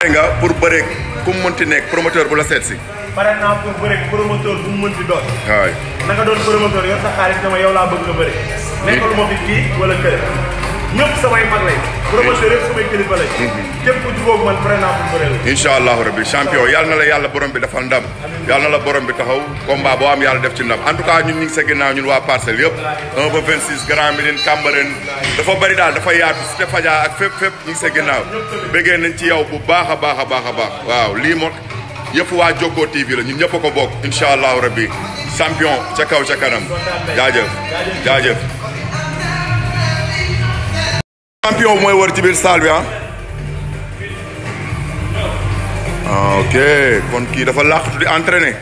pare nga pour bëreeg ku mu mënti nekk promoteur bu la seet si. pare naa pour bëreeg promoteur bu mënti doon. waay na doon promoteur yor sa xaalis dama yow laa bëgg nga bëri. nekkaluma fi kii wala kër. ñëpp samay mag lañ. promoteur yëpp samay kilifa mhm. allahu rabi champion yal na la yàlla borom bi defal ndam. yal na la borom bi taxaw combat boo am yàlla def ci ndam en tout cas ñun ñu ngi sa ginnaaw ñun waa parcelle yëpp. 1 ba 26 Grand Médine Cambérène dafa bari daal dafa yaatu Cité Fadia ak fépp fépp ñu ngi sa ginnaaw. bëggee nañ ci yow bu baax a baax a baax a baax waaw lii moo yëpp waa Jokko TV la ñun ñëpp ko bokk incha allahu rabi champion ca kaw ca kanam jaajëf jaajëf. Campion mooy wër ci biir salle bi ah. ah ok kon kii dafa l'art di entraîner.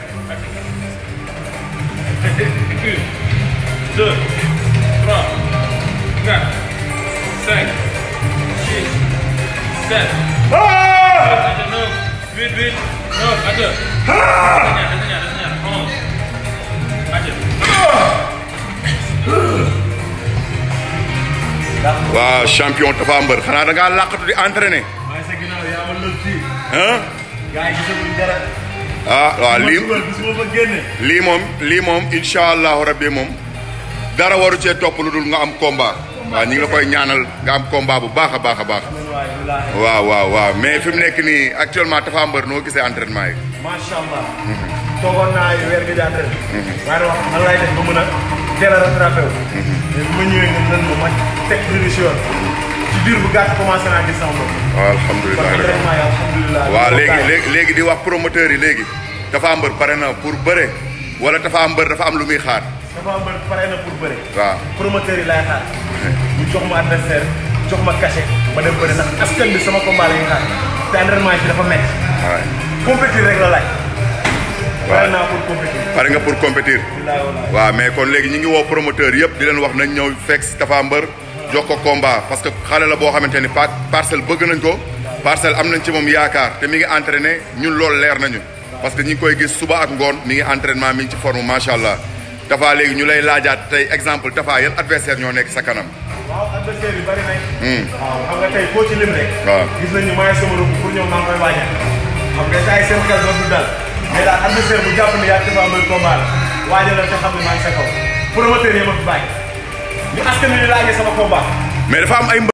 deux trois quatre cinq six sept. waaw champion Tapha Mbeur xanaa da ngaa làqatu di entraîné. ah. ah waaw lii lii moom lii moom incha allahu rabbi moom dara waru cee topp lu dul nga am combat. waaw ñu la koy ñaanal nga am combat bu baax a baax a baax. waaw waaw waaw mais fi mu nekk nii actuellement Tapha Mbeur noo gisee entraînement yi. Mhm. a. teel a rattrapé wu. mais bu ma ñëwee nga nan ma ma yoon. ci diir bu gàtt commencé naa gis sama bopp. Ah, waaw alhamdulilah kon léegi léegi léegi di wax promoteur yi léegi. dafa Mbeur pare na pour bëre. wala Tapha Mbeur dafa am lu muy xaar. Tapha Mbeur pare na pour bëre. waaw promoteur yi laay xaar. ñu jox ma adversaire jox ma cachet. ma dem bëre ndax askan bi sama combat lañu xaar. te entraînement yi dafa métti. waaw compétir rek la laaj. waaw pare nga pour compétir waaw mais kon léegi ñi ngi woo promoteur yëpp di leen wax nañ ñëw fekk si Tapha Mbeur jox ko combat parce que xale la boo xamante ni pa parcelle bëgg nañ ko parcelle am nañ ci moom yaakaar te mi ngi entraîné ñun loolu leer nañu parce que ñu ngi koy gis suba ak ngoon mi ngi entraînement mi ngi ci forme macha allah Tapha léegi ñu lay laajaat tey exemple Tapha yan adversaire ñoo nekk sa kanam waaw hmm. waaw gis nañu maay sama rëbb pour ñëw maa ngi koy mais daal adversaire bu jàpp ne yaa ngi Tapha Mbeur combat la waajalal te xam ne maa ngi sa kaw promoteur yi ma fi bàyyi ñu askan wi laajee sama combat. mais dafa am ay